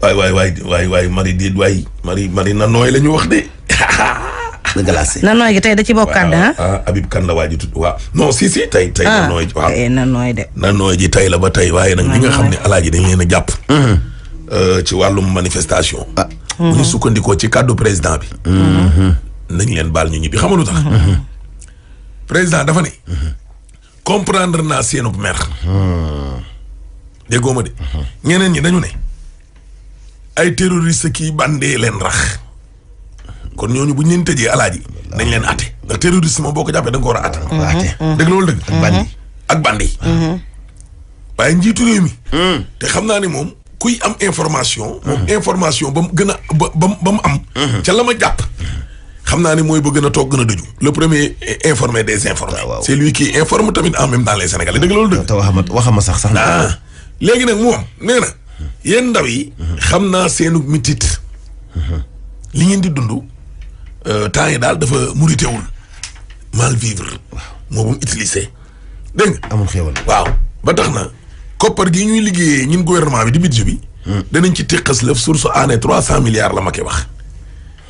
waay waay waaye waay mari déet waay mari mari na nooy la ñu wax de. dëgg la na nooy gi tey da ci bokkaat ah. ah kan la ji tudd waaw non si tey tey na ah, nooy. waaw na nooy de. ji tey la ba tey waaye nag ñi nga xam ne alaaji dañ leen a jàpp. Mm-hmm. Euh, ci wàllum manifestation. Ah. ñu mm-hmm. sukkandikoo ci kàddu président bi. Mm-hmm. nañ leen baal ñu ñibbi xamal lu tax. président dafa ne. comprendre naa seenub mer. déggoo ma de. ñeneen ñi dañu ne. ay terroriste kii bandee leen rax kon ñooñu bu ñu leen tëjee alaaji nañ leen atte ndax terroriste moom boo ko jàppee da nga ko war a atte mm-hmm. mm-hmm. dëgg loolu dëgg ak mm-hmm. bandi ak bandi njiitu réew mm. te xam naa ne moom kuy am information information ba mu gën a ba ba mu am ca la ma jàpp xam naa ne mooy ba gën a toog gën a dëju le premier informé des informés c'est lui qui informe tamit en même temps les sénégalais dëgg loolu dëgg te waxama sax sax ah. léegi nag moom nee na yéen ndaw yi. xam naa seenu mitit li ngeen di dund euh, temps yi daal dafa muritewul mal vivre. waaw moo bum utiliser. dégg nga amul xéwal waaw ba tax na koppar gi ñuy liggéeyee ñun gouvernement bi di budget bi. Hmm. danañ ci teqas lëf source année trois cent milliards la ma koy wax.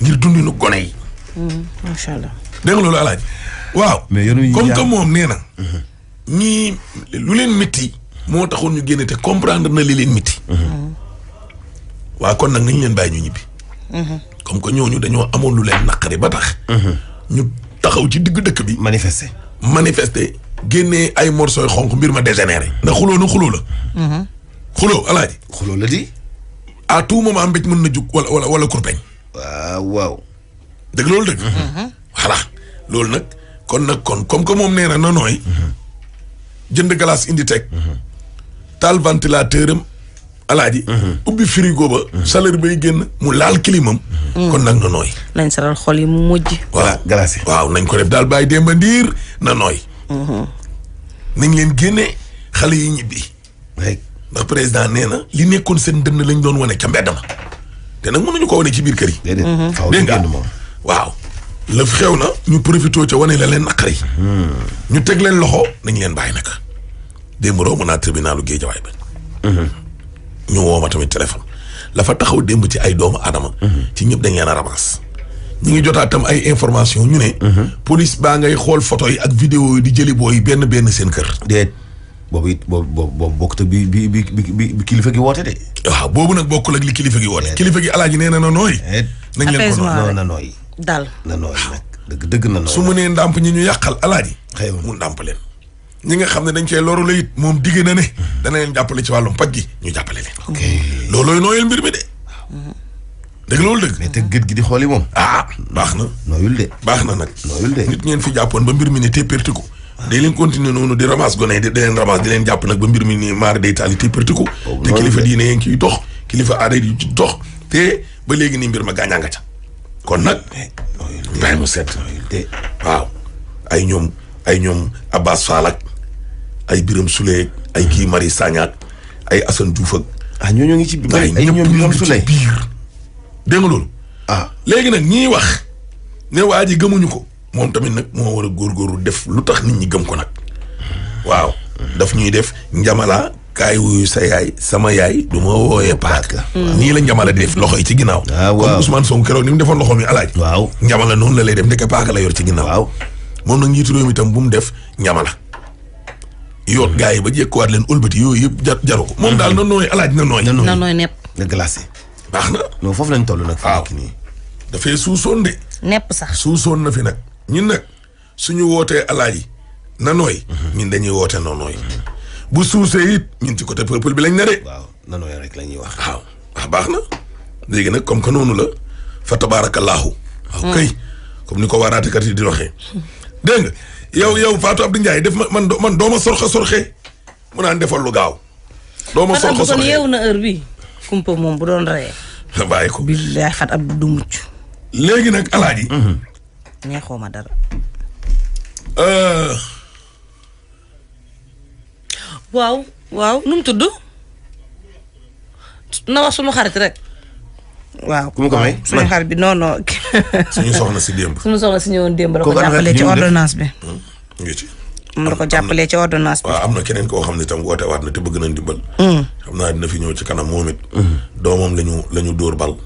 ngir dundinu gone yi. Hmm. macha allah. dégg nga loolu alaaj waaw. mais comme moom nee na. Hmm. ñii lu leen métti. moo taxoon ñu génne te comprendre na li leen miti mm-hmm. waa kon nag nañ leen bàyyi ñu ñibbi. Mm-hmm. comme que ñu dañoo amoon lu leen naqari ba tax. Mm-hmm. ñu taxaw ci diggu dëkk bi. manifester manifester génnee ay morceaux xonq mbir ma dégénéré. ndax xuloo na xuloo la. xuloo alaaji. xuloo la di. à tout moment mbéj mën na jug wala wala wala kurpeñ. waaw waaw. dëgg loolu dëgg. voilà loolu nag kon nag kon comme que moom nee na nooy. jënd glace indi teg. taal ventilateur am alaaji mhm. ubbi frigo ba mhm. salaire bay génn mu laal climam mhm. kon nag na nooy nañ saral xol yi mu mujj voilà glacé waaw nañ ko def daal bàyyi démba ndiir na nooy nañ leen génnee xale yi ñibbi ndax président nee na li nekkoon seen dënn lañ doon wane ca mbedd ma te nag mënuñu ko wane ci biir kër yi dégg nga waaw lëf xew na ñu profité ca wane la leen naqari ñu teg leen loxo nañ leen bàyyi naka démb romb naa tribunalu Géejawaay ba mm-hmm. ñu woo tamit téléphone lafa taxaw démb ci ay doomu aadama mm-hmm. ci ñëpp dañ leen a ramas ñu ngi jotaat tam ay information ñu ne mm-hmm. police baa ngay xool photo yi ak vidéo yi di jëli booy benn benn seen kër déet boobu it boobu boobu bokkut bi bi bi bi kilifa gi woote de waaw boobu nag bokkul ak li kilifa gi woote kilifa gi alaaji nee na na nooy nañ leen ko nooy na nooy dal na nooy dëgg dëgg na nooy su mu nee ndàmp ñi ñu yàqal alaaji xëy mu ndàmp leen ñi nga xam ne dañ cee loru la it moom digg na ne dana leen jàppale ci wàllum paj gi ñu jàppale leen. ok loolooy nooyul mbir mi de. dëgg loolu dëgg. gi di xooli moom. ah baax na. nooyul de. baax na nag. nooyul ñeen fi jàppoon ba mbir mi ne téppérti ko. day leen continuer noonu di ramas gone di leen di leen jàpp nag ba mbir mi nii maar day taal téppérti ko. Oh, te kilifa diine yaa ngi ciy dox kilifa aada yi ci dox te ba léegi nii mbir ma gaañaa ca kon nag. nooyul de mu set. nooyul de waaw ay ñoom ay ñoom Abbas Fall ak ay biram Souleye ay kii Marie Sagna ay Assane Diouf ak. ah ngi ci biir ay ñoom ci biir. dégg nga ah. léegi nag ñii wax ne waa ji gëmuñu ko. moom tamit nag moo war a góor góorgóorlu def lu tax nit ñi gëm ko nag. waaw daf ñuy def njamala kaay wuyu sa yaay sama yaay du ma wooyee paaka. Mm. nii la njamala di def loxo yi ci ginnaaw. ah waaw comme Ousmane Sonko ni mu defoon loxo mi alaaj. waaw njamala noonu la lay def ndeke paaka la yor ci ginnaaw. waaw moom nag njiitu réew tam bu mu def njamala. yoot gars yi ba jékkuwaat leen ulbati yooyu yëpp jar jaru ko moom daal na nooy alaaj na nooy na nooy nepp nga glacé baax na non foofu lañ toll nag fi nekk nii dafay suusoon de nepp sax suusoon na fi nag ñun nag suñu wootee alaaj yi na nooy ñun dañuy woote noonooy bu suusee it ñun ci côté peuple bi lañ na de waaw na nooy rek la ñuy wax waaw wax ah, baax na léegi nag comme que noonu la fa tabaarakallaahu waaw mm. kay comme ni ko waaraatekat yi di waxee yow yow Fatou Abdou Ndiaye def ma man man doo ma sorxe sorxe mu naan defal lu gaaw. doo ma sorxe sorxe yeewu na heure bi kumpa moom bu doon reyee. bàyyi ko billaay Fatou Abdou du mucc. léegi nag alaaji. Mhm. neexoo ma dara. Euh. waaw waaw nu mu tudd na wax sunu xarit rek. waaw ku ko may suñu xarit bi non non. suñu soxna si démb. suñu soxna si ñëwoon démb la ko hmm? jàppalee ci ordonnance bi. am na ko jàppalee ci ordonnance bi. am na keneen koo xam ne tam woote waat na te bëgg nañ dimbal. Hmm. xam naa dina fi ñëw ci kanam moom it. Hmm. doomam la ñu la ñu dóor bal.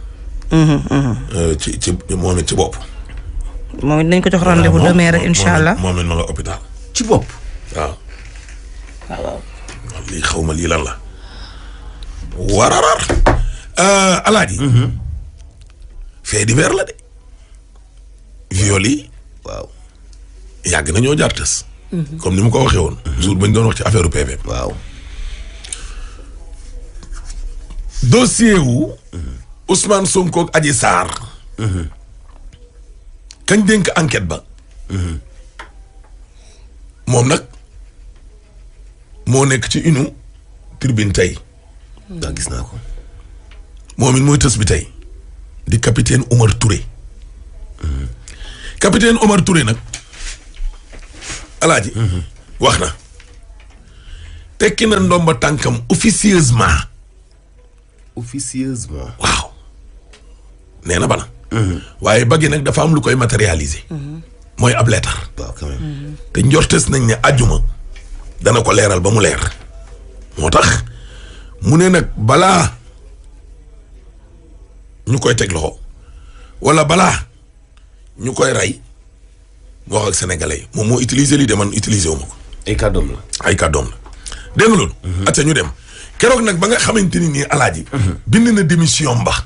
Euh, ci ci moom it ci bopp. nañ ko jox rendez-vous demee rek incha allah moom ma ci bopp. waaw. lii xaw ma lii lan la. Euh, alaaji mhm. fait divers la de viol yi nañoo yàgg na mhm. ni mu ko waxee woon mhm. jour ba ñu wax ci affaire u PV waaw dossier wu Ousmane Sonko ak Adji kañ dénk enquête ba moom nag moo nekk ci inu tribune tey gis naa ko moom it mooy tës bi tey di capitaine Omar Touré capitaine Omar Touré nag alaaji wax na tekki na ndomba tànkam officieusement officieusement waaw nee na bana waaye baggi nag dafa am lu koy matérialiser mooy ab leetar te njortes nañ ne ajuma dana ko leeral ba mu leer moo tax mu ne nag balaa ñu koy teg loxo wala balaa ñu koy rey mu wax ak moom moo utiliser lii de man utiliser wu ma ko. ay kàddoom la ay kàddoom la mhm. ñu dem keroog nag ba nga xamante ni nii alaaji. Mhm. bind na démission mbax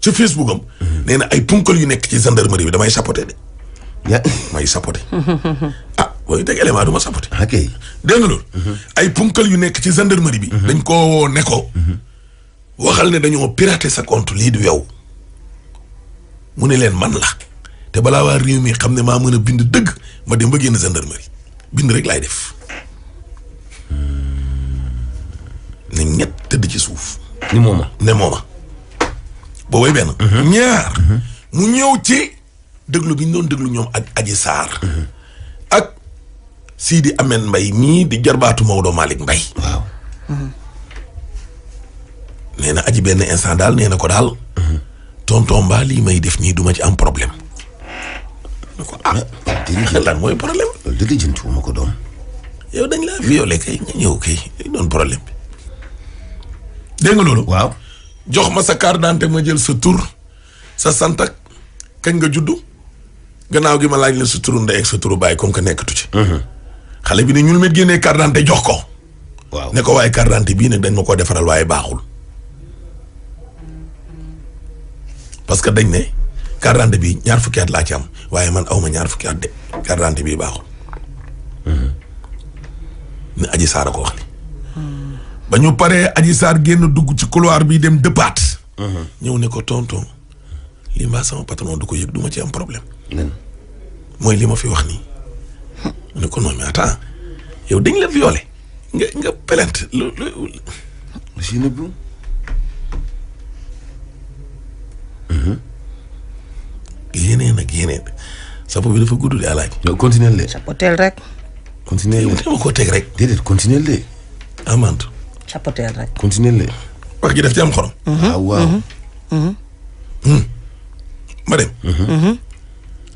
ci Facebook am. Mhm. nee na ay punkal yu nekk ci gendarmerie bi damay sapoté de. ya may sapoté. ah ay punkal yu nekk ci gendarmerie bi. dañ koo woo ne waxal ne dañoo pirater sa compte lii du yow mu ne leen man la te balaa waa réew mi xam ne maa mën a bind dëgg ma dem ba génn gendarmerie bind rek laay def ne ñett tëdd ci suuf. ni mooma ne mooma. boobay benn. Mhm. ñaar. Mhm. mu ñëw ci déglu bi ñu doon déglu ñoom ak Adji Sarr. Mhm. ak di Amène mbay mii di jarbaatu Maodo Malick mbay waaw. nee na aji benn instant daal nee na ko daal. tonton Ba lii may def nii du ci am problème. Ah, mooy problème. loolu ko doom. yow dañ la violé kay nga ñëw kay day doon problème bi. dégg nga loolu. waaw jox ma sa carte d'identité ma jël sa tur sa sant ak nga juddu gannaaw gi ma laaj la sa turu ndey ak sa turu baay comme que nekkatu ci. Mhm. xale bi ne ñun ma génnee carte jox ko. waaw ne ko waaye carte bii nag dañ ma koo defaral waaye baaxul. parce que dañ ne carte d'identité bi ñaar fukki at laa ci am waaye man awma ñaar fukki at de carte d'identité bi baaxul. ne Adji Sarr ko wax ni ba ñu paree Adji génn dugg ci couloir bi dem dëppaat. ñëw ne ko tonton li mbaa sama patron du yëg du ma ci am problème. mooy li ma fi wax nii. mu ne ko non mais attends yow dañ la violé nga nga plainte lu lu. Mhm. yeneen ak yeneen sapo bi dafa gudd de alaaj. yow continué leen. rek. continué leen dama ko rek. déedéet continué leen. wax ji daf ci am xorom. Mhm. Ah, waaw waaw. Mhm. Hmm. ma dem.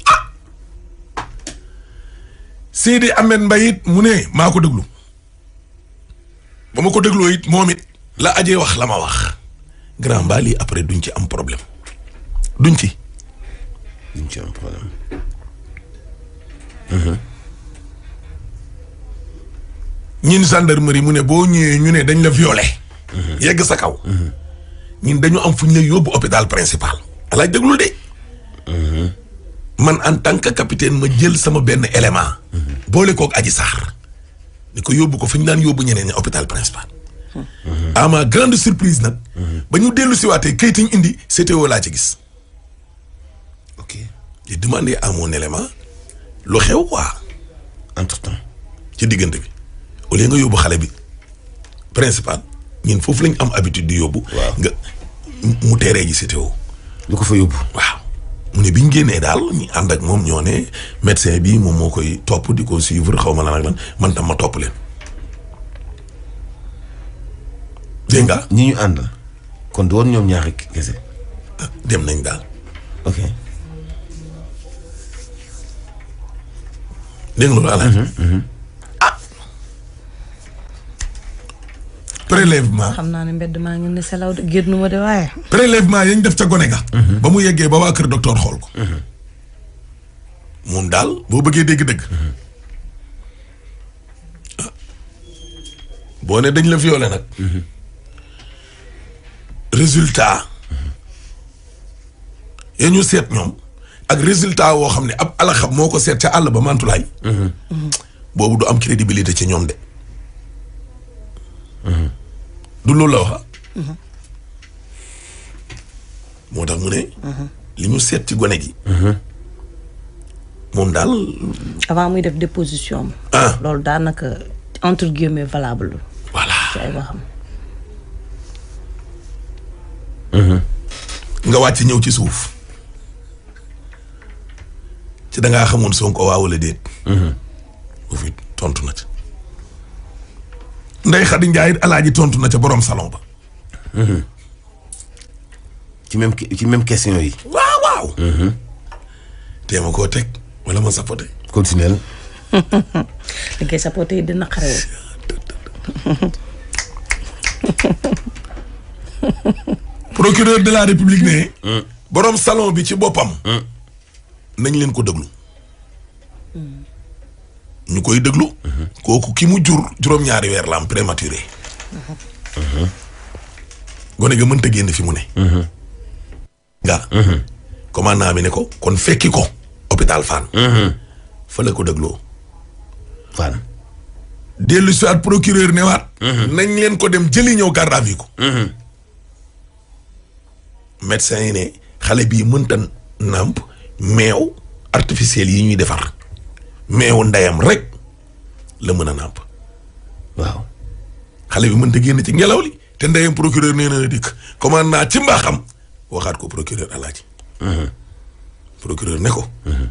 ah. Seydi Ahmed Mbaye it mu ne maa ko déglu ba ma ko dégloo it moom it la ajee wax la ma wax grand mbaa après duñ ci am problème. duñ ci. duñ ci am problème. ñun mu ne boo ñëwee ñu ne dañ la violé. Mhm. yegg sa kaw. Mhm. ñun dañu am fu ñu lay yóbbu hôpital principal. alaaj déglul de. Mhm. man en tant que capitaine ma jël sama benn élément. boole kook aji saar. ni ko yóbbu ko fu ñu daan yóbbu ñeneen ñi hôpital principal. à ma grande surprise nag. ba ñu dellu si waatee kayit yi ñu indi CTO laa ci gis. ok di demander à mon élément lu xew quoi entre diggante bi au lieu nga yóbbu xale bi principal ñun foofu lañ am habitude di yóbbu. nga mu teree ji CTO. lu ko fa yóbbu. waaw mu ne bi ñu génnee daal ñu ànd ak moom ñoo ne médecin bi moom moo koy topp di ko suivre xaw ma lan ak lan man tam ma topp leen. dégg nga ñi ñu ànd kon du woon ñoom ñaari kese. Ah, dem nañ daal. dégg nga loolu mhm, mhm. ah. prélèvement xam naa ne mbedd maa ngi ne selaw de génn ma de waaye. prélèvement yañ def ca gone ga. Mhm. ba mu yeggee ba waa kër docteur xool ko. moom daal boo bëggee dégg dëgg. boo ne dañ la violé nag. résultat. ya seet ñoom. ak résultat woo xam ne ab alaxam moo ko seet ca àll ba mantulaay boobu du am crédibilité ci ñoom de. du loolu la wax. Ah. moo tax mu ne. li ñu seet ci gone gi. moom daal. avant muy def déposition ah loolu daanaka entre guillemets valable. voilà ci ay waxam. nga wàcc ñëw ci suuf. ci da xamoon Sonko waa wala déet. foofu mhm. tontu na ca. Ndeye Khady Ndiaye tontu na ca borom salon ba. Mhm. ci même ci même question yi. waaw waaw. Mhm. tee ma koo teg wala ma sapote. continuer la. li ngay yi dina xarale. procureur de la république ne. Mm. borom salon bi ci boppam. Mm. nañ leen ko déglu. ñu koy déglu. kooku ki mu jur juróom-ñaari weer la am prématuré. gone ga mënta génn fi mu ne. nga. commandant bi ne ko kon fekki ko. hôpital Fann. fa la ko dégloo. Fann. dellu si waat procureur ne nañ leen ko dem jëli ñëw garde à vue ko. Mhm. médecin yi ne xale bii mënta nàmp meew artificiel yi ñuy defar meewu ndeyam rek la mën a nàmp waaw xale bi mënta génn ci ngelaw li te ndeyam procureur nee na dikk commande naa ci mbaaxam waxaat ko procureur alaaji mhm. procureur ne ko mhm.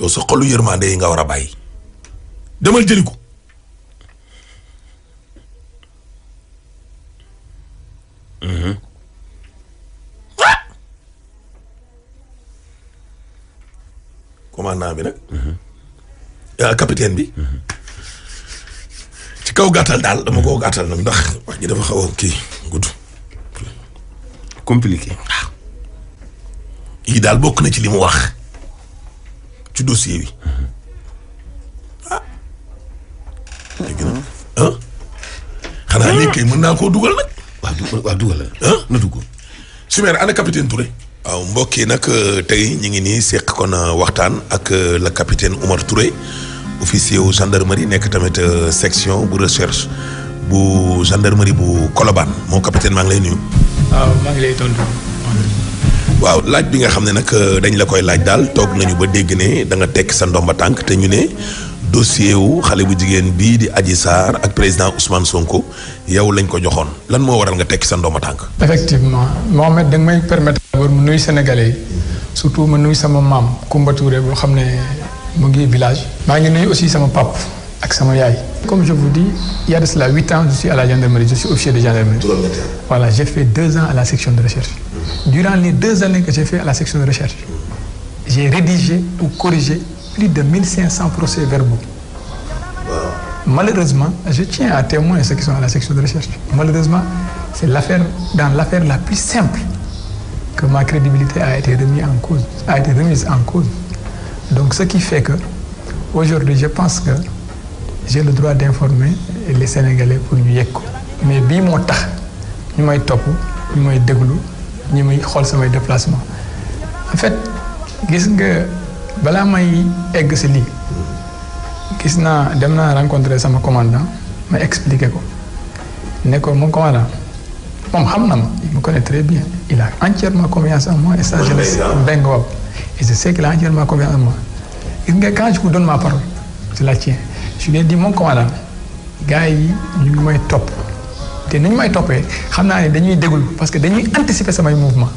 yow sa xolu yërmande yi nga war a bàyyi demal ko mhm. commandant bi nag. Euh, capitaine bi. ci kaw gàttal daal dama koo gàttal nag ndax wax ji dafa xaw a kii gudd. compliqué. waaw. daal bokk na ci li mu wax ci dossier bi. ah. léegi lii kay mën naa koo dugal nag. waaw dugal waaw dugal na. ah na dugg. Chimère ana capitaine Touré. waaw mbokk yi nag euh, tey ñu ngi nii seq kon euh, waxtaan ak euh, le capitaine Oumar Touré officier wu gendarmerie nekk tamit section bu recherche bu gendarmerie bu Colobane moo capitaine maa ngi lay nuyu. waaw maa ngi lay laaj bi nga xam ne nag dañ la koy laaj daal toog nañu ba dégg ne da nga tekk sa ndomba tànk te ñu ne. dossier wu xale bu jigéen bii di Adji Sarr ak président Ousmane Sonko yow lañ ko joxoon lan moo waral nga tekki sa ndooma tànk. effectivement Mohamed da nga may permettre d'abord mu nuyu Sénégalais yi surtout ma nuy sama maam Koumba Touré boo xam ne mu ngi village. maa ngi nuyu aussi sama pap ak sama yaay. comme je vous dis il y a huit ans je suis à la gendarmerie je suis officier de gendarmerie. voilà j'ai fait deux ans à la section de recherche. durant les deux années que plus de 1500 procès-verbaux. Malheureusement, je tiens à témoin ceux qui sont à la section de recherche. Malheureusement, c'est l'affaire, dans l'affaire la plus simple que ma crédibilité a été remise en cause, a été remise en cause. Donc, ce qui fait que, aujourd'hui, je pense que j'ai le droit d'informer les Sénégalais pour ñu yegg ko mais bii moo tax ñu may topp ñu may déglu ñu may xool samay déplacement en fait gis nga. balaa may egg si lii gis naa dem naa rencontrer sama commandant ma expliqué ko ne ko mon commandant moom xam na ma il me connaît très bien il a entièrement confiance en moi et ça je le sais et je sais qu'il nga quand je vous ma parole je la tiens je lui ai gars yi ñu ngi may topp te ni ñu may toppee xam naa ni dañuy déglu parce que dañuy anticiper samay mouvement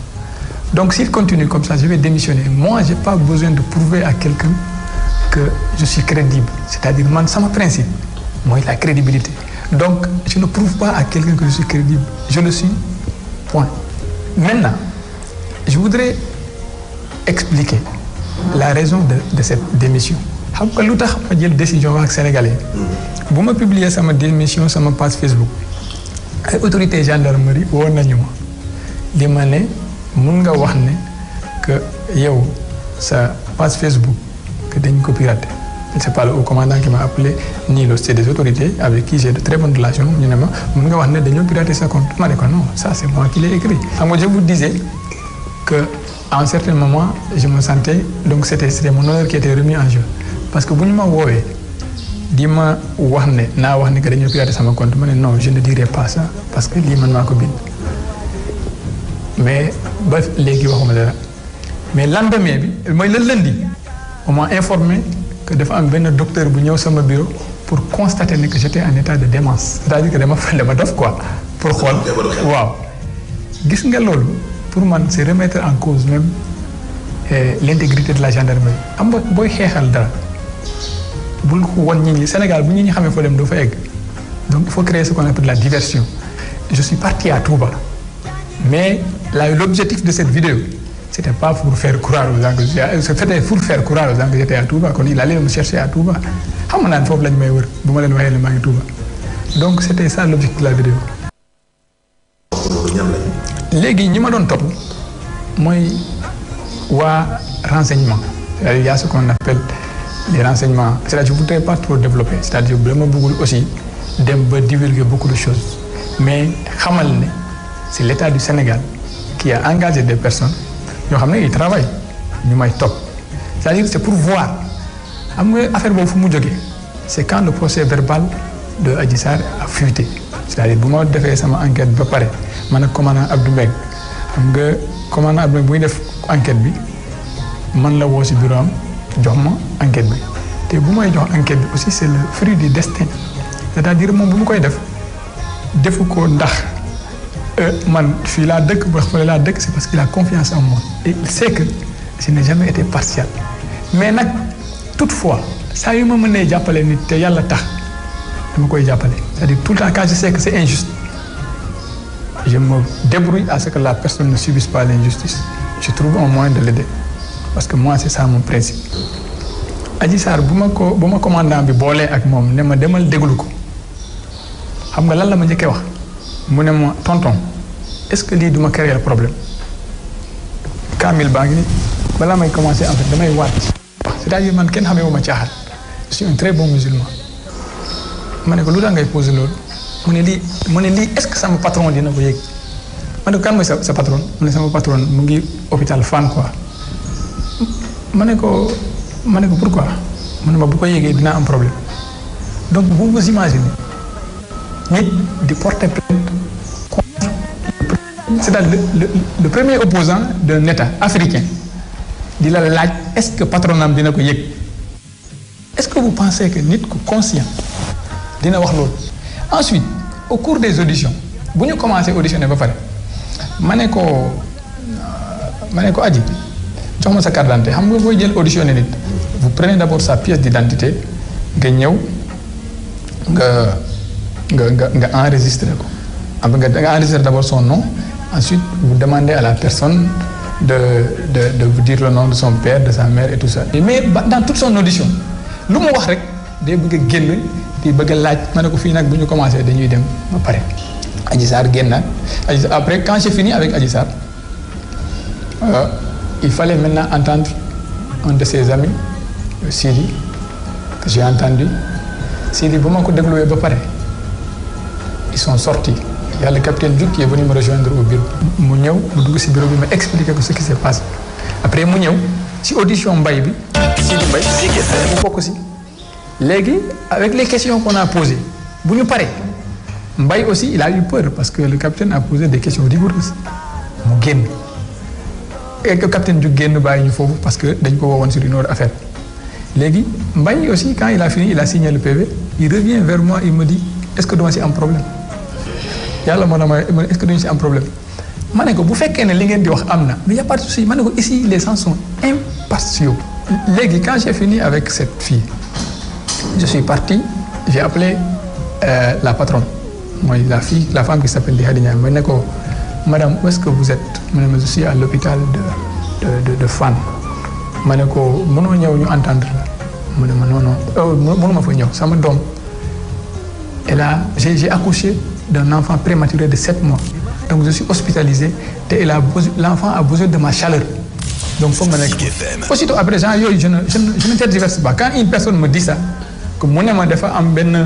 Donc s'il continue comme ça, je vais démissionner. Moi, je n'ai pas besoin de prouver à quelqu'un que je suis crédible. C'est-à-dire, moi, c'est mon principe. Moi, la crédibilité. Donc, je ne prouve pas à quelqu'un que je suis crédible. Je le suis. Point. Maintenant, je voudrais expliquer la raison de, de cette démission. xam nga lu tax ma jël décision ak sénégalais mm-hmm. bu ma publier sama démission sama page Facebook ay autorité gendarmerie woo nañu ma li ma mun nga wax ne que yow sa page Facebook que dañ ko piraté c'est pas le haut commandant qui m'a appelé ni le c'est des autorités avec qui j'ai de très bonnes relations ñu ne ma mun nga wax ne dañoo piraté sa compte ma ne ko non ça c'est moi qui l'ai écrit xam donc c'était c'était mon honneur qui parce que bu ñu ma woowee di ma wax ne naa wax ne que dañoo piraté ma ne parce que lii man maa ko bind mais ba léegi waxuma dara mais lendemain bi mooy la lundi on m'a informé que dafa am benn docteur bu ñëw sama bureau pour constater ne que j'étais en état de démence c'est-à-dire que dama dama dof quoi pour xool waaw gis nga loolu pour man c'est remettre en cause même eh, l'intégrité de la gendarmerie am nga booy xeexal dara bul won ñi ñi Sénégal bu ñu ñu xamee foo dem doo fa egg donc foo faut créer ce qu'on appelle la diversion je suis parti à mais Là, l'objectif de cette vidéo, c'était pas pour faire croire aux Anglais, c'était pour faire croire aux Anglais j'étais à Touba, kon il allait me chercher à Touba. xam nga naan foofu lañ may wër bu ma leen waxee ne maa ngi Touba. donc c'était ça l'objectif de la vidéo. léegi ñi ma doon topp mooy waa renseignement c'est-à-dire euh, y a ce qu'on appelle les renseignements c'est-à-dire je voudrais pas trop développer c'est-à-dire dama bëggul aussi dem ba divulguer beaucoup de choses mais xamal ne c'est l'état du Sénégal. qui a engagé des personne ñoo xam ne ils travaillent ñu may topp cest à c'est pour voir am nga affaire boobu fu mu jógee c'est quand le procès verbal de Adji Sarr a fuité c'est-à-dire bu ma defee sama enquête ba pare man ak commandant Abdou xam nga commandant Abdou buy bu def enquête bi man la woo si bureau am jox ma enquête bi te bu may jox enquête bi aussi c'est le fruit du destin c'est-à-dire moom bu mu koy def defu ko ndax. Euh, man fii laa dëkk ba xoolee laa dëkk c'est parce qu'il a confiance en moi et il sait que je n'ai jamais été partial mais nag toutefois saa yu ma mën ne jàppale nit te yàlla tax dama koy jàppale cest à tout le temps quand je sais que c'est injuste je me débrouille à ce que la personne ne subisse pas l'injustice je trouve un moyen de l'aider parce que moi si ça mon principe Adji Sarr bu ma ko bu ma commandant bi boolee ak moom ne ma demal déglu ko xam nga lan la ma njëkkee wax mu ne ma tonton est-ce que lii duma créer problème kaamil baa ngi ni balaa may commencer en fait damay waat c'est-à-dire man kenn xamee wu ma caaxaan je suis un très bon musulman ma ne ko lu tax ngay posé loolu mu ne lii mu ne lii est-ce que sama patron dina ko yéeg ma ne ko kan mooy sa sa patron mu ne sama patron mu ngi hôpital fan quoi ma ne ko ma ne ko pourquoi mu ne ma bu ko yëgee dinaa am problème donc vous vous imaginez nit di porter c'est-à-dire le, le, le premier opposant d'un État africain di la laaj est-ce que patronam dina ko yëg est-ce que bu pensez que nit ku conscient dina wax loolu ensuite au cours des auditions bu ñu commencé auditionné ba pare ma ne ko euh, ma ne ko aji jox ma sa carte d'identité xam nga booy jël auditionné nit vous prenez d'abord sa pièce d'identité nga ñëw nga nga nga nga enregistré ko am ah, nga nga enregistré d'abord son nom Ensuite, vous demandez à la personne de, de, de, vous dire le nom de son père, de sa mère et tout ça. Mais dans toute son audition, lu mu wax rek day bëgg a génn di bëgg laaj ma ne ko fii nag bu ñu commencé dañuy dem ba pare. Adji Sarr génn nag Adji après quand j'ai fini avec Adji Sarr euh, il fallait maintenant entendre un de ses amis euh, Sidi que j'ai entendu Sidi bu ma ko dégluwee ba pare ils sont sortis. y a le capitaine Diouf qui est venu me rejoindre au bureau. mu ñëw mu dugg si bureau bi ma expliqué ko ce qui s'est passé après mu ñëw si audition mbay bi. si di mbay mu si. léegi avec les questions qu'on a bu ñu paree mbay aussi il a eu parce que le capitaine a posé de questions rigoureuses mu génn. et que capitaine Diouf génn bàyyi ñu foofu parce que dañ ko woowoon sur une autre affaire léegi mbay aussi quand il a fini il a signé le il revient vers moi il me dit est-ce que dama si am problème. yàlla moo damay moo est-ce que duñu si ma ne ko bu fekkee ne li ngeen di wax am na mais y a pas de souci ma ne ko ici les gens sont léegi quand j'ai fini avec cette fille je parti j'ai appelé euh, la patronne mooy la fille la femme qui s'appelle Ndeye Khady ne ko madame où est ma ne ma je suis à l'hôpital de de de, de ma ne ko mënoo ñëw ñu entendre la mu ne ma non non euh, mënuma fa ñëw sama doom et là j'ai accouché d'un enfant prématuré de 7 mois. Donc je suis hospitalisé et l'enfant a besoin de ma chaleur. Donc faut me Aussitôt après, genre, yo, je ne, je ne, je ne tergiverse pas. Quand une personne me dit ça, que mon aimant des fois en ben,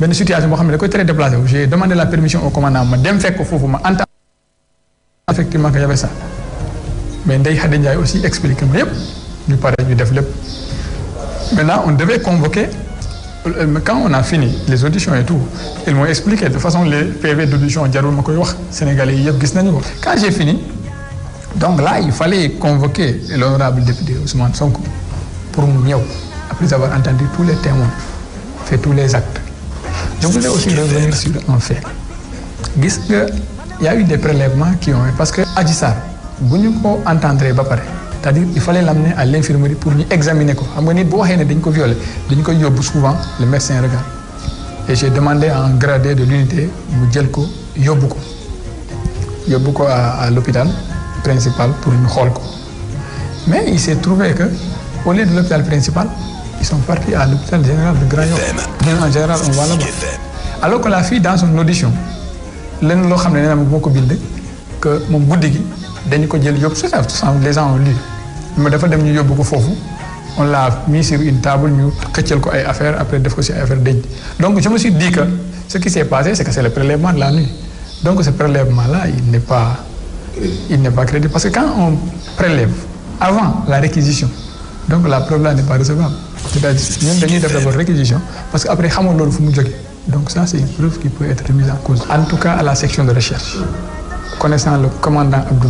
ben situation, très déplacé. J'ai demandé la permission au commandant, mais d'un fait qu'il faut, m'a entendu effectivement que j'avais ça. Mais Ndeye Hadendjaï aussi explique, nous parlons, nous développons. Maintenant, on devait convoquer Euh, quand on a fini les auditions et tout ils m'ont expliqué de façon les PV d'audition jarul ma koy wax sénégalais yi yëpp gis nañu ko quand j'ai fini donc là il fallait convoquer l'honorable député Ousmane Sonko pour mu ñëw après avoir entendu tous les témoins fait tous les actes je voulais aussi revenir sur un fait gis nga des prélèvements qui ont parce que Adji Sarr bu ñu ko entendre ba pare c'est-à-dire il fallait l'amener à l'infirmerie pour ñu examiner ko xam nga nit bu waxee ne dañ ko violer dañ koy yóbbu souvent le médecin regarde et j'ai demandé a un gradé de l'unité mu jël ko yóbbu ko yóbbu ko à l'hôpital principal pour ñu xool ko mais il s'est trouvé que au lieu de l'hôpital principal ils sont partis à l'hôpital général de Grand Yoff en général on va là que la fille dans son audition lenn loo xam ne nee na boo ko bindee que moom guddi gi dañu ko jël yóbbu ça les gens ont lu mais dafa dem ñu yóbbu ko foofu on l'a mis sur une table ñu xëccal ko ay affaire après def ko si affaire dëj donc je me suis dit ce qui s'est passé c'est que c'est le prélèvement de la nuit donc ce prélèvement là il ne pas il n'est pas crédible parce que quand on prélève avant la réquisition donc la preuve là n'est pas recevable dañuy def d'abord parce que après xamoon loolu fu mu jógee donc ça c'est une tout cas à la connaissant le commandant Abdou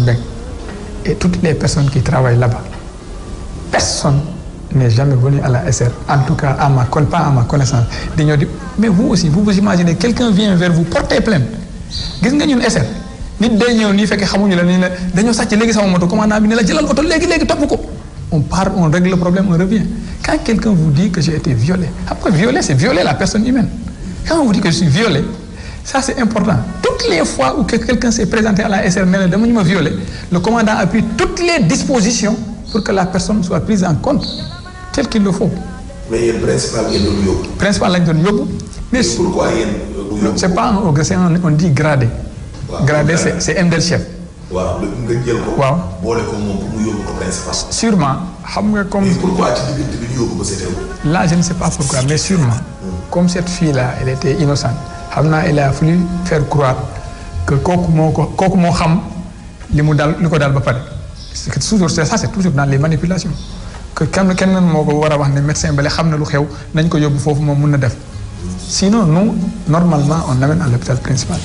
et toutes les personnes qui travaillent là-bas, personne n'est jamais venu à la SR, en tout cas à ma, pas à ma connaissance. mais vous aussi, vous vous imaginez, quelqu'un vient vers vous, portez plainte. Vous avez une SR. On part, on règle le problème, on revient. Quand quelqu'un vous dit que j'ai été violé, après violé, c'est violer la personne humaine. Quand on vous dit que je suis violé, Ça, c'est important. Toutes les fois où quelqu'un s'est présenté à la SRN, le commandant a pris toutes les dispositions pour que la personne soit prise en compte, tel qu'il le faut. Mais principal est Principal Mais pourquoi C'est pas un agressé, on, dit gradé. gradé, Comme... pourquoi Là, je ne sais pas pourquoi, mais sûrement. Hmm. Comme cette fille-là, elle était innocente. xam naa il a fallu faire croire que kooku moo ko kooku moo xam li mu dal li ko daal ba pare c'est que toujours sa ça c'est toujours dans les manipulations que kenn kenn moo ko war a wax ne médecin bale xam na lu xew nañ ko yóbbu foofu moom mun na def sinon nous normalement on l'amène à l'hôpital principal.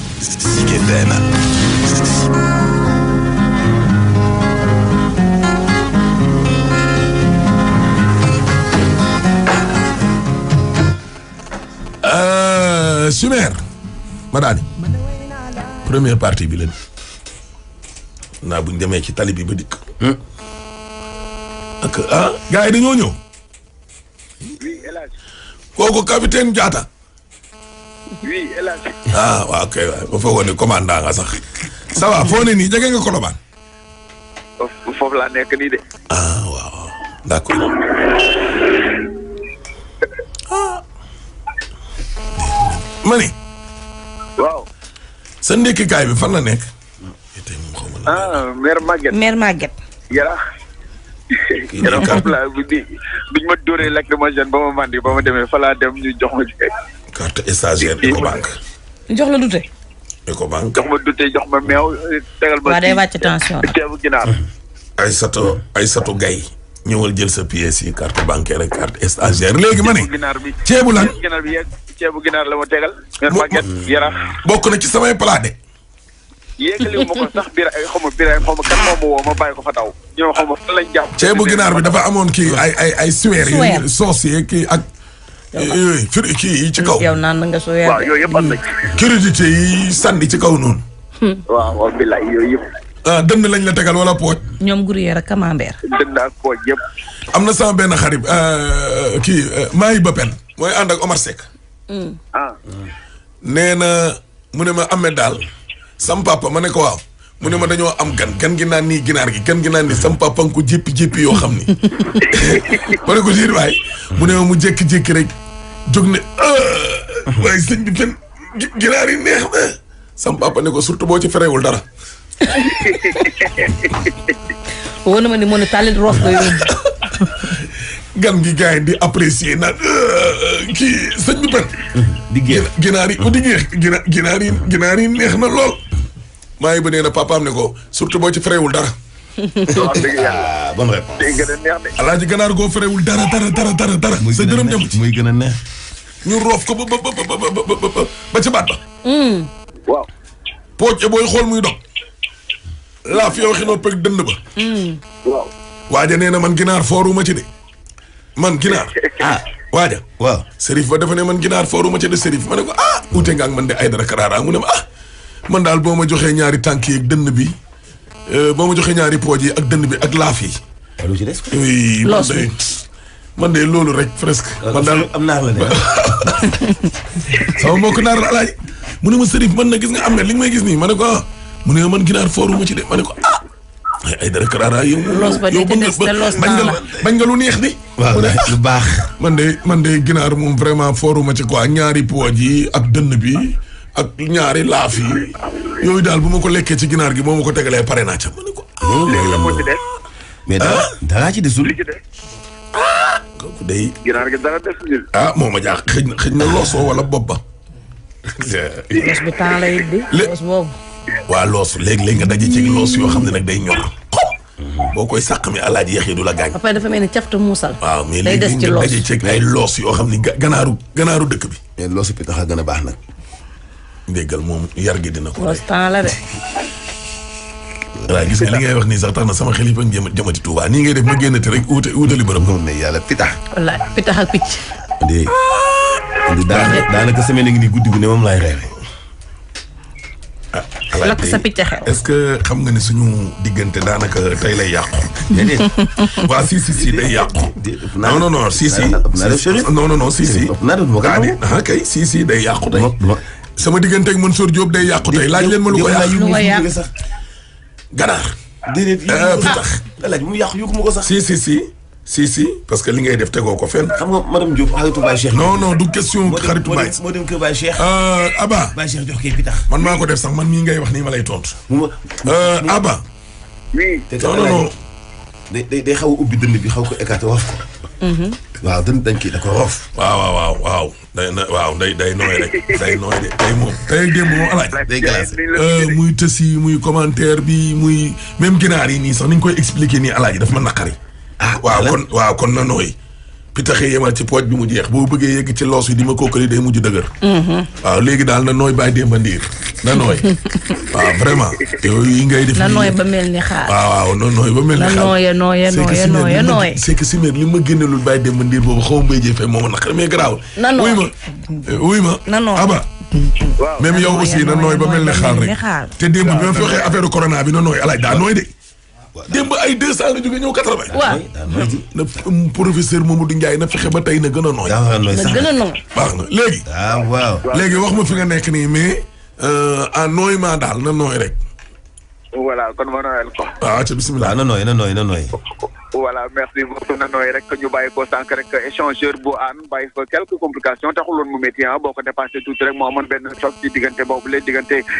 Sumer ma daani première partie bi leen naa buñ demee ci talibi bi ba dikk hmm. ak ah gars yi dañoo kooku capitaine Diatta ah waaw kay waay ba sax ça va nii jege nga Colobane. foofu laa nekk ma ni. waaw. sa ndékkikaay bi fan la nekk. ah mère Maguette. mère Maguette. yàlla. yàlla foofu laa bu di biñ ma dóoree lacrymogène ba ma màndi ba ma demee fa laa dem ñu jox ma. carte stagiaire Ecobank. jox la dute. Ecobank jox ma dute jox ma meew. tegal ma waa day wàcc tension la teebu ginaar. Aïssatou Aïssatou Gaye ñëwal jël sa pièce yi carte bancaire ak carte stagiaire léegi ma ne. ceebu lan ginaar bi ceebu ginaar la ma tegal. bokk na ci samay plat de. ko sax biir ay xaw ma xaw ma kan moom woo ko fa taw. ñoo xaw ma fan lañ jàpp. ceebu ginaar bi dafa amoon kii ay ay ay suweer soos yi kii ak. yooyu firi kii ci kaw. yow naan nga suweer waaw yooyu yëpp am na ci. crédité yi ci kaw noonu. waaw waaw yooyu yëpp. ah dënn lañ la tegal wala pooj. ñoom gruyère ak camembert. dënn ak pooj yépp am na sama benn xarit ah, kii ah, Mahi Bapen mooy ànd ak Omar Seck. Mm. ah. nee na mu ne ma amee daal sam papa ma ne ko waaw mu ne ma dañoo am gan gan gi naan nii ginaar gi gan gi naan nii sam papa nga ko jéppi jéppi yoo xam ni ma ne ko diir waay ne mu jékki-jékki rek jóg ah, sam papa ne boo ci ferewul dara. wóor na ma ni moo ne tàllil roos la yóbbu. gan gi gars yi di apprécier naan kii sëñ bi pët. di géex ginaar yi di géex ginaar yi ginaar yi neex na lool. maa ngi ba nee na papaam ne ko surtout boo ci ferewul dara. waaw dëgg yàlla bon rek. dégg nga neex de. alaaji ganaar goo ferewul dara dara dara dara dara. muy gën a neex sa dërëm dem ci muy gën a neex. ñu roof ko ba ba ba ba ba ba ba ca baat ba. waaw. pooj booy xool muy dox. laa fi yow xinoo ba. waaja nee na man ginaar fooruma ci de. man ginaar ah waaja. waaw Serif ba dafa ne man ginaar fooruma ci de Serif ma ne ko ah uute nga ak man de ay dara karaaraa mu ma ah man daal boo ma joxee ñaari tànk yi ak dënd bi euh, boo ma joxee ñaari pooj yi ak dënd bi ak laaf yi. loolu man de loolu rek presque. man daal am naar la de. naar la alaaji mu ma Serif man na gis nga am na li nga may gis nii ma ne ko ah, mu ne man ginaar fooruma ci de ma ko ah. ay dara karara yow. loos ba dégg des te loos naa la bañ nga lu neex di. waaw lu ah, baax. man de man de ginaar moom vraiment fooruma ci quoi ñaari pooj yi ak dënn bi ak ñaari laaf yi yooyu daal bu ma ko lekkee ci ginaar gi moom ma ko tegalee pare naa ca ma ko ah. léegi moo ci des. mais dara ah? dara ci desul. li ginaar gi dara ah, moo ma jaax xëj na xëj na loosoo wala bopp ba. loos waa loos léegi-léegi nga daje ci loos yoo xam ne nag day ñor boo koy sàq mi alaaji yeex yi du la gaañ. ba pare dafa mel ni caftu muusal. waaw mais léegi nga daje ceeg ay loos yoo xam ni ganaaru dëkk bi. mais loosu bi tax a gën a baax nag. ndéggal moom yar gi dina ko. loos temps la de. waaw gis nga ngay wax nii sax tax na sama xel yi ba jëm jëmati Touba nii ngay def ma génnati rek uute uutali bërëb. non mais yàlla pitax. wallaahi pitax a picc. de daanaka semaine ngi nii guddi gu ne moom laay reere lakk sa picc xew est-ce que xam nga ne suñu diggante daanaka tey lay yàqu. waa si si si day yàqu. non non non si si. non non non si si. ah kay si si day yàqu tey. sama diggante ak Mansour Diop day yàqu tey laaj leen ma lu ko yàq. ganaar. déedéet euh, yëngu ko sax mu yàq yëngu ko sax. si si si. si parce que li ngay def tegoo ko fenn. xam nga madame Diop xaritu Baye Cheikh. non non du question xaritu Baye. moo dem Aba euh, Baye Cheikh jox kii bi man maa ko def sax man mii ngay wax nii ma lay tontu. Aba. Euh, oui. non non non. day day day xaw a bi xaw ko écarté wax ko. Mhm. waaw dënd dañ kii da ko waaw day na waaw day nooy day de day moom day démb moom alaaj day glacé euh, muy tësi muy commentaire bi muy même ginaar yi nii sax ni ñu koy expliqué nii alaaj daf ma naqari. ah waaw kon waaw kon na nooy pitax yemal ci pooj bi mu jeex boo bëggee yegg ci loos yi di ma kookali day mujj dëgër mhm. waaw léegi daal na nooy bàyyi démba ndiir na nooy waaw ba mel ni xaar waaw simeer li ma génnelul bàyyi démba boobu xaw ma mbay jëfee mooma naqar mais garaawul na nooy wuy ma aba même yow aussi na nooy ba mel ni xaar rek te démb bi ma fi waxee affaire corona bi na nooy alaaj daa nooy de démb ay deux cent nga jóge ñëw quatre-vingt. waaw na professeur Mamadou Ndiaye na fexe ba tey na gën a nooy. na gën a nooy. baax na ah, léegi. wax ma fi nga nekk nii mais euh, en nooy maa daal na nooy rek. voilà kon ma nooyal ko. ah ca bisimilah ah, na nooy na nooy na voilà merci beaucoup nanooy rek ñu bàyyi ko sànq rek échangeur bu aan bàyyi fa quelques complications taxuloon mu ah, mu amoon benn choc ci diggante boobule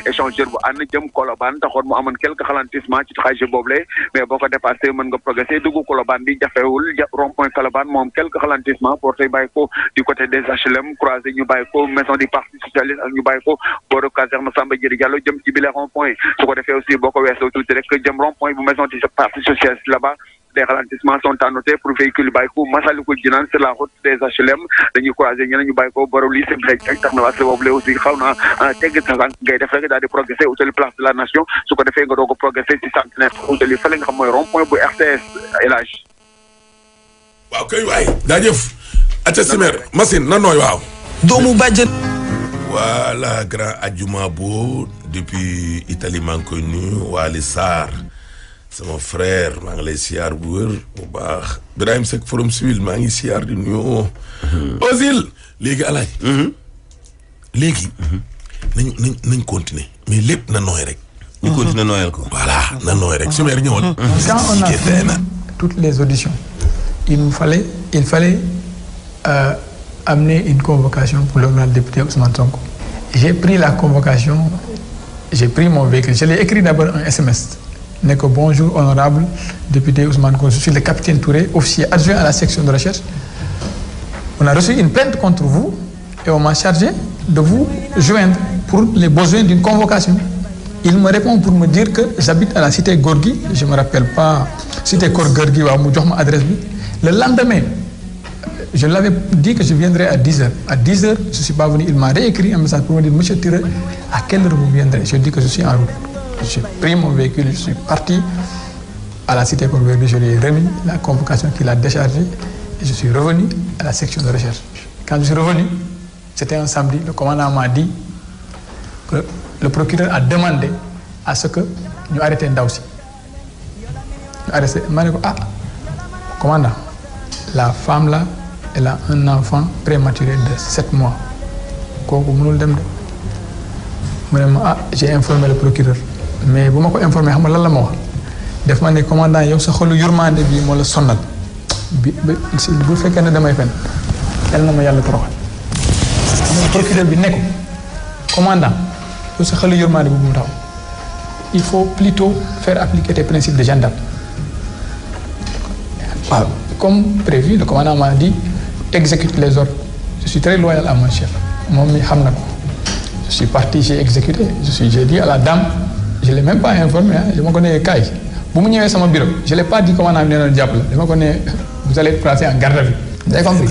échangeur bu aan jëm Colobane taxoon mu amoon quelques ralentissement ci trajet boobule mais boo ko dépassé mën nga progressé dugg Colobane bi jafewul rond point Colobane moom quelques ralentissement pour tey ko du côté des HLM croisé ñu bàyyi ko maison du parti socialiste ak ñu bàyyi ko booru caserne Samba Diéry des ralentissements sont à noter pour véhicule yi bàyyi ko Massalikul Jinaan sur la route des HLM dañuy croiser ñeneen ñu bàyyi ko borom lycée bi rek tax na waa boobu ah, def rek daal di progressé utali place de la nation su ko defee nga doog a progressé ci centenaire utali fële nga xam mooy rond point bu RTS élage waaw kay waay jaajëf aca simer machine na nooy waaw doomu bàjjen voilà grand adjuma bo depuis Italie maa ngi koy nuyu sama frère maa ngi lay siyaar bu wër bu baax Birahim Seck forum civil maa ngi siyaar di nuyoo mhm. Ozil léegi alaaj mhm. léegi nañu nañ nañ continuer mais lépp na nooy rek ñu continuer nooyal ko voilà na nooy rek su meer ah. ñëwal quand toutes les auditions il nous fallait il fallait euh, amener une convocation pour l'honorable député Ousmane Sonko j'ai pris la convocation j'ai pris mon véhicule je l'ai écrit d'abord en SMS ne ko bonjour honorable député Ousmane Kourou je suis le capitaine Touré officier adjoint à la section de recherche on a reçu une plainte contre vous et on m'a chargé de vous joindre pour les besoins d'une convocation il me répond pour me dire que j'habite à la cité Gorgui je me rappelle pas cité Kor Gorgui waaw mu jox ma adresse bi le lendemain je l'avais dit que je viendrais à 10 heures à 10 heures suis pas venu il m'a réécrit un message pour me dire monsieur à quelle J'ai pris mon véhicule, je suis parti à la cité Converbi, je lui remi la convocation qu'il a déchargée et je suis revenu à la section de recherche. Quand je suis revenu, c'était un samedi, le commandant m'a dit que le procureur a demandé à ce que ñu arrêté ndaw si ñu arrêté ma ne ko ah commandant la femme là elle a un enfant prématuré de sept mois kooku mënul dem de mu ne ma ah j'ai informer le procureur mais bu ma ko informé xam nga lan la ma wax def ma ne commandant yow sa xolu yurmande bi moo la sonnal bi bu fekkee ne damay fen yal na ma yàlla toroxal xam procureur bi ne ko commandant yow sa xolu yurmande bi bu mu taxaw il faut plutôt faire appliquer tes principes de gendarme waaw comme prévu le commandant m'a di exécute les ordres je suis très loyal à moom mi xam na ko je parti j'ai exécuté je suis j'ai dit à la dame je l'ai même pas informé ah dama ko ne kaay bu mu ñëwee sama bureau je l'ai pas dit commandant bi nee na jàpp la dama ko ne vous allez être placé garde à vue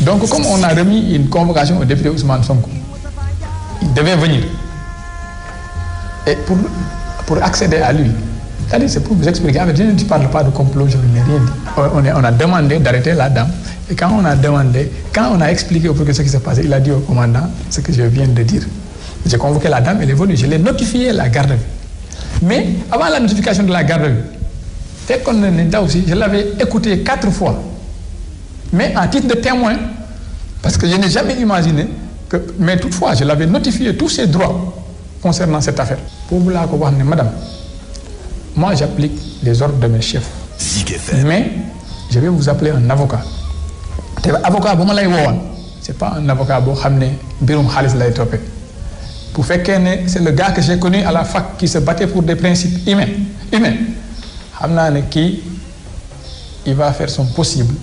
donc comme on a remis une convocation au député Ousmane Sonko il devait venir et pour pour accéder à lui c'est-à-dire c'est pour vous expliquer en je ne parle pas de complot je n'ai rien dit on est on a demandé d'arrêter la dame et quand on a demandé quand on a expliqué au procureur ce qui s'est passé il a dit au commandant ce que je mais avant la notification de la garde à vue fekkoon na ni ndaw si je l'avais écouté quatre fois mais à titre de témoin parce que je n'ai jamais imaginé que mais toutefois je l'avais notifié tous ses droits concernant cette affaire boobu laa ko wax ni madame moi j'applique des ordres de mes chefs mais je vais vous appeler un avocat te avocat bu ma lay woowoon c'est pas un avocat boo xam ne mbirum xaalis lay toppee bu fekkee ne c'est le gars que j'ai connu à la fac qui se battait pour des principes humains humains xam na ne kii il va faire son possible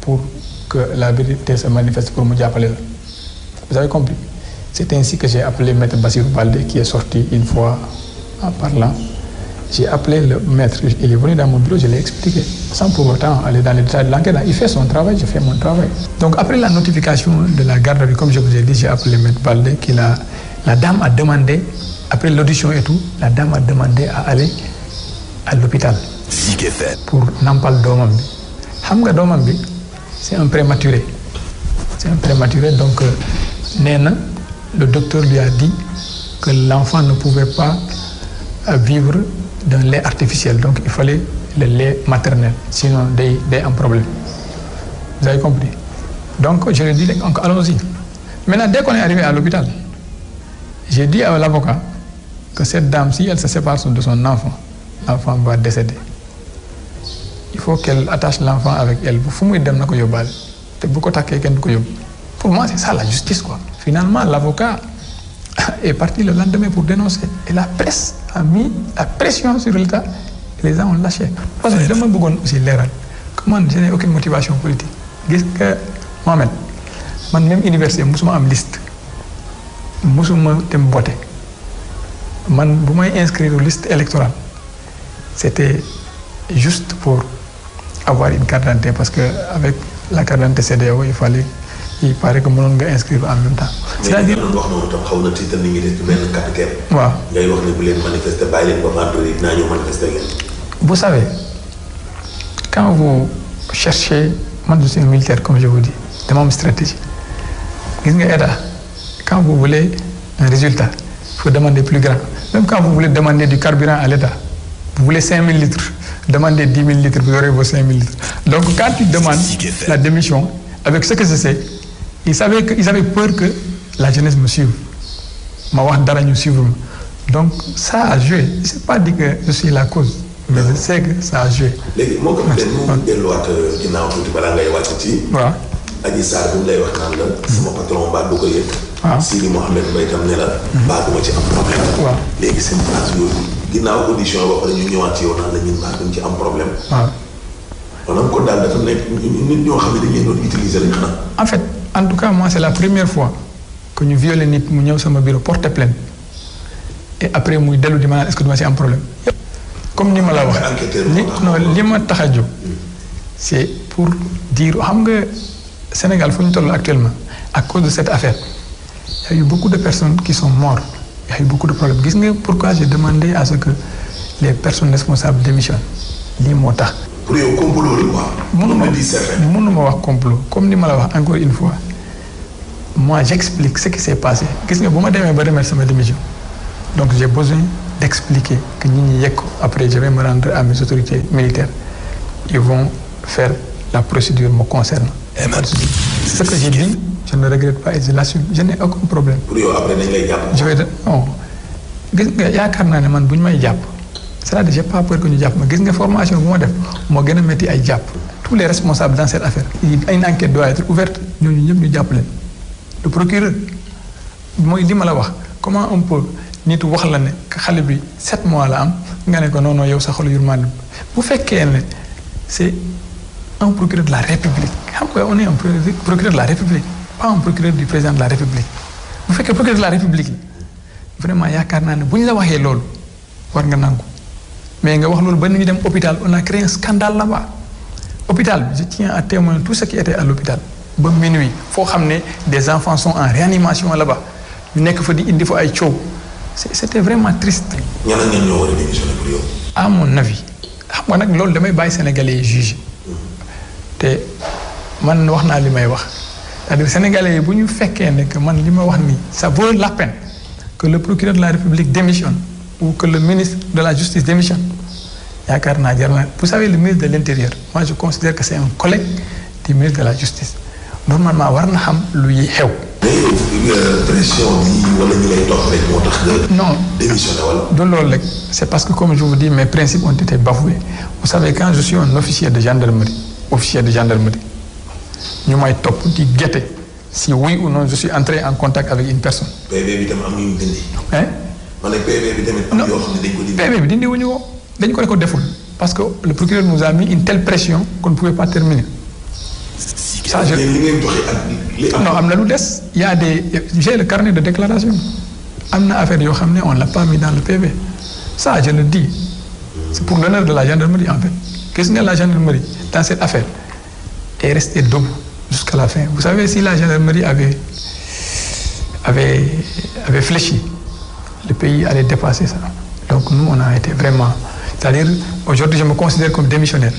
pour que la vérité se manifeste pour mu jàppale la vous avez compris c'est ainsi que j'ai appelé maître Bassirou Baldé qui est sorti une fois en parlant j'ai appelé le maître il est venu dans mon bureau je l'ai expliqué sans pour autant aller dans les détails de l'enquête il fait son travail je fais mon travail la notification de la garde à La dame a demandé, après l'audition et tout, la dame a demandé à aller à l'hôpital. pour nampal doomam bi xam nga doomam bi c'est un prématuré c'est un prématuré donc euh, nee na le docteur lui a dit que l'enfant ne pouvait pas euh, vivre d'un lait donc il fallait le lait maternel sinon day day am problème vous avez compris donc je lui ai dit allons-y maintenant dès qu'on est arrivé J'ai dit à l'avocat que cette dame, si elle se sépare de son enfant, l'enfant va décéder. Il faut qu'elle attache l'enfant avec elle. Pour moi, c'est saa la justice. Quoi. Finalement, l'avocat est parti le lendemain pour dénoncer. Et la presse a mis la pression sur l'État. Les gens ont lâché. Parce que vraiment, aussi l'erreur. Comment je n'ai aucune motivation politique. Qu'est-ce que Mohamed, moi, même université, je suis en liste. mosuma dem voté man bu may inscrire liste électorale c'était juste pour avoir une carte parce que avec la carte d'identité CEDEAO il fallait il paraît que mënoon nga inscrire en même temps. c'est-à-dire wax ni bu leen manifester bàyyi leen ba vendredi dinaa ñëw manifester leen. vous savez quand vous cherchez man je suis militaire comme je vous dama am stratégie gis nga état. quand vous voulez un résultat, il faut demander plus grand. Même quand vous voulez demander du carburant à l'État, vous voulez 5 000 litres, demandez litres, vous aurez vos 5 litres. Donc quand tu demandes la démission, avec ce que je sais, ils, savaient que, ils avaient peur que la jeunesse me suive. Ma dara nous suivre. Donc ça a joué. Je pas dit que je la cause. mais je sais que ça a joué. léegi moo ko mel mu delluwaat ginnaaw tuuti balaa ngay wàcc ci. waaw Adji Sarr la. Hmm. sama patron mbaa du ko yëg. waaw ah. Sidi hmm. ma ci am waaw léegi seen ginnaaw audition ba ci yow naan ci am problème. waaw. maanaam kon daal dafa nekk nit fait en tout cas moi c' la première fois que ñu violé nit mu ñëw sama bureau porté plainte et après muy dellu di ma naan est ce que am problème. comme ni ma la waxee. enquêteur non li ma tax a jóg. Hmm. c' pour dire xam nga. Sénégal fu ñu toll actuellement a cause de cette affaire il y a de personnes qui sont mortes il y a de problèmes gis nga pour pourquoi j'ai demandé à ce que les personnes responsables démissionnent lii moo tax. pour yow complot la quoi. mënuma wax complot comme ni ma la wax encore une fois moi j'explique ce qui s'est passé gis nga bu ma demee ba demee sama démission donc j'ai besoin d'expliquer que nit ñi yegg ko après je ma me rendre à mes autorités militaires ils vont la procédure me concerne. Eh, ce que j'ai dit je ne regrette pas et je l'assume je n'ai aucun problème. pour yow après dañ lay jàpp. je oh. gis nga yaakaar naa ne man bu ñu may jàpp sa à dire pas peur que ñu jàpp ma gis nga formation bu ma def moo gën a métti ay jàpp tous les responsables dans cette affaire. une enquête doit être ouverte ñooñu ñëpp ñu jàpp leen le procureur mooy li ma la wax comment on peut nit wax la ne xale bi sept mois la am nga ne ko non yow sa xol yurmande bu un procureur de la république xam nga on est la république pas un procureur du président bu fekkee procureur la république vraiment yaakaar naa ne bu ñu la waxee loolu war nga nangu mais nga wax loolu ba nit ñi dem hôpital on a créé un scandale là-bas hôpital je tiens à tout ce qui était à l'hôpital ba minuit foo xam ne des enfants sont en réanimation là-bas ñu nekk fa di indi fa ay coow c'était vraiment triste. ñeneen ñoo war a démissionner pour yow. xam nga nag loolu damay bàyyi Sénégalais yi juge te man wax naa li may wax cest à yi bu ñu fekkee ne que man li ma wax nii ça vaut la peine que le procureur de la république démissionne ou que le ministre de la justice démissionne yaakaar naa jar na vous savez le ministre de l'intérieur moi je considère que c'est un collègue du ministre de la justice normalement war na xam lu yi xew. Euh, pression bi wala ñu lay topp rek moo tax nga. non démissionné wala. du loolu rek c'est parce que comme je vous mes principes ont été bafoués vous quand je suis un officier officier de gendarmerie ñu may topp di guetter si oui ou non je suis en contact avec une personne. PV bi dindi. dañ ko dindi. wuñu ko dañ ko ne deful parce que le procureur nous une telle pression kon ne pouvait pas terminer. ça am na lu des y a des j'ai le carnet de déclaration am na affaire yoo xam ne on l'a pas mis dans le PV ça je le dis c'est pour l'honneur la gendarmerie en Qu'est-ce la gendarmerie, dans cette affaire, est restée debout jusqu'à la fin. Vous savez, si la gendarmerie avait, avait, avait fléchi, le pays allait dépasser ça. Donc nous, on a été vraiment... C'est-à-dire, aujourd'hui, je me considère comme démissionnaire.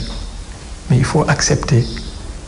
Mais il faut accepter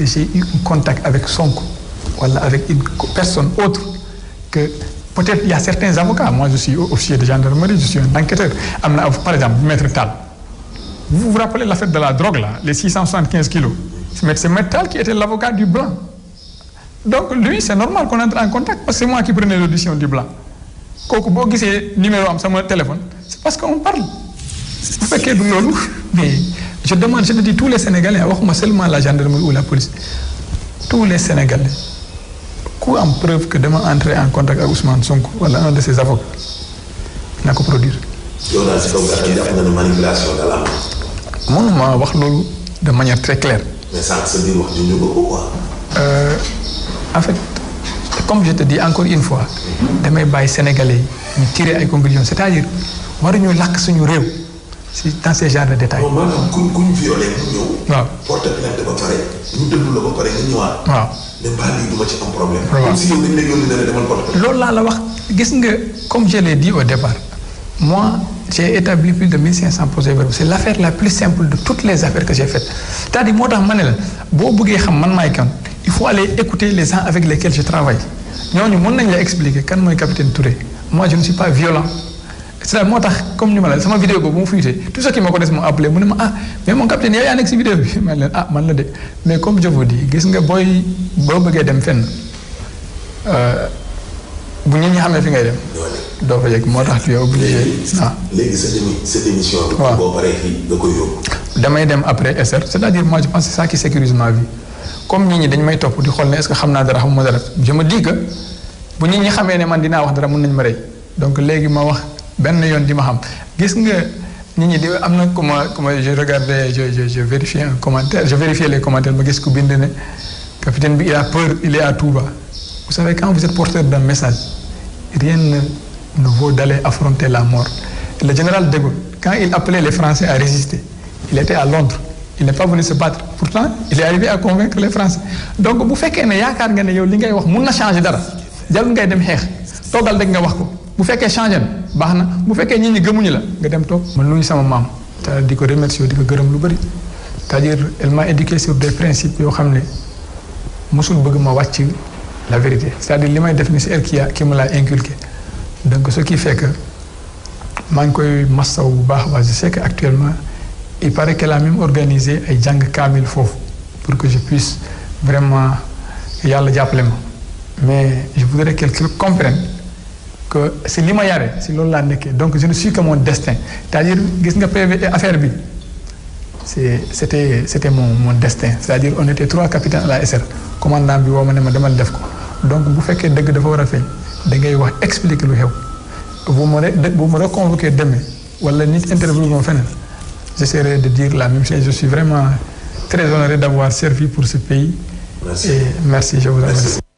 que j'ai eu un contact avec Sonko wala avec une personne autre que peut-être il y certains avocats moi je suis officier de gendarmerie je suis un enquêteur am na par exemple maître Tall vous vous rappelez l'affaire de la drogue là les 675 kilos c'est maître Tall qui était l'avocat du blanc donc lui c'est normal qu'on entre en contact parce que c'est moi qui prenais l'audition du blanc kooku boo gisee numéro am sama téléphone c'est parce qu'on parle bu fekkee je demande je le tous les sénégalais waxuma seulement la gendarmerie ou la police tous les sénégalais ku am preuve que dama entrer en contact ak Ousmane Sonko wala un de ses avocats na ko produire. yow wax loolu de manière très claire. mais euh, comme je te dis encore une fois. damay bàyyi sénégalais yi ñu ay conclusions c'est-à-dire waruñu làkk suñu réew. si dans ces genres de détails. non maanaam waaw porte plainte na laa la wax gis nga comme je l'ai dit au départ moi j'ai établi plus de 1500 procès-verbaux c'est l'affaire la plus simple de toutes les affaires que j'ai faites cest moo tax ma ne la boo bëggee xam man maay kan il faut aller écouter les gens avec lesquels je travaille ñooñu mën nañ la expliquer kan mooy capitaine Touré moi je ne suis pas violent. c'est moo tax comme ni ma sama vidéo boobu mu fuite tout ce qui ma ko ne ma ah mais mon capitaine yow yaa nekk si vidéo bi ah, man nga booy boo bëggee dem fenn euh, bu nit ñi xamee fi ngay dem. doo fa yegg moo tax yow bu léegi ah. waaw boo dem après SR c'est-à-dire moi je pense c'est ça qui comme nit ñi dañ may topp di xool ne est-ce que xam naa dara xamuma dara je me dis que bu nit ñi xamee ne man dinaa wax dara mun nañ ma rey donc léegi ma wax. benn yoon di ma xam gis nga nit ñi di am na ku comme ku ma je regardais je je je un commentaire je vérifiais les commentaires ma gis ku bind ne capitaine bi il a peur il est à Touba. vous savez quand vous êtes porteur d'un message rien ne vaut dalee affronter la mort le général de Gaulle quand il appelait les Français à résister il était à Londres il n'est pas venu se battre pourtant il est arrivé à convaincre les Français donc bu fekkee ne yaakaar nga ne yow li ngay wax mun na changer dara jël ngay dem xeex toogal dégg nga wax ko bu fekkee changer na baax na bu fekkee ñi ñi gëmuñu la nga dem toog man ñu sama maam te di ko remercier di ko gërëm lu bëri c'est-à-dire elle m'a éduqué des principes yoo xam ne mosul bëgg ma wàcc la vérité c'est-à-dire li may def ni si erkia ki ma laa inculqué donc ce qui fekk maa ngi koy massaw bu baax ba je sais que actuellement il paraît qu'elle a même organisé ay jàng kaamil foofu pour que je puisse vraiment yàlla jàppale ma mais je voudrais que quelqu'un comprenne que si li ma yare si loolu laa nekkee donc je ne suis que mon destin cest à gis nga PV e affaire bi c'est c'était c'était mon mon destin c'est-à-dire on trois capitaines à la SR commandant bi woo ma ne ma demal def ko donc bu fekkee dëgg dafa war a feeñ da ngay wax expliquer lu xew bu ma re bu ma reconvoqué demee wala nit interview moom feneen j'essaierai de dire la même chose je suis vraiment très honoré d'avoir servi pour ce pays. merci merci je vous